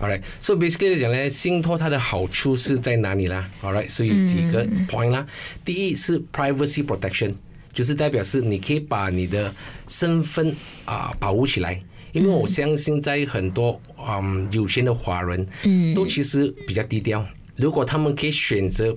Alright，so basically 講呢，信託它的好處是在哪裡啦？Alright，所以幾個 point 啦，第一是 privacy protection，就是代表是你可以把你的身份啊保護起來，因為我相信在很多嗯有錢的華人，都其實比較低調，如果他們可以選擇。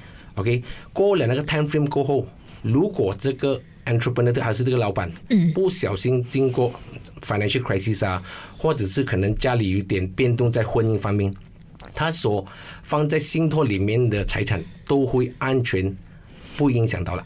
OK，過了那個 time frame 過後，如果這個 entrepreneur 還是這個老闆，不小心經過 financial crisis 啊，或者是可能家裏有點變動，在婚姻方面，他所放在信託裏面的財產都會安全，不影響到了。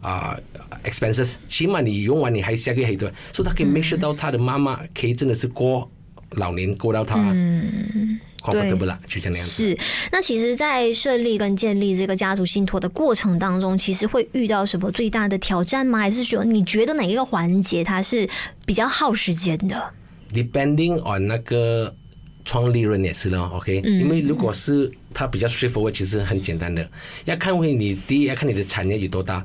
啊、uh,，expenses，起碼你用完你還下個系度，所以他可以 make sure 到他的媽媽可以真的是過老年過到他，花花都不漏，就咁樣。是，那其實，在設立跟建立這個家族信託的過程當中，其實會遇到什麼最大的挑戰嗎？還是說你覺得哪一個環節它是比較耗時間的？Depending on 那個創立人也是咯，OK，、嗯、因為如果是它比較 straightforward，其實很簡單的，要看你第一，要看你的產業有多大。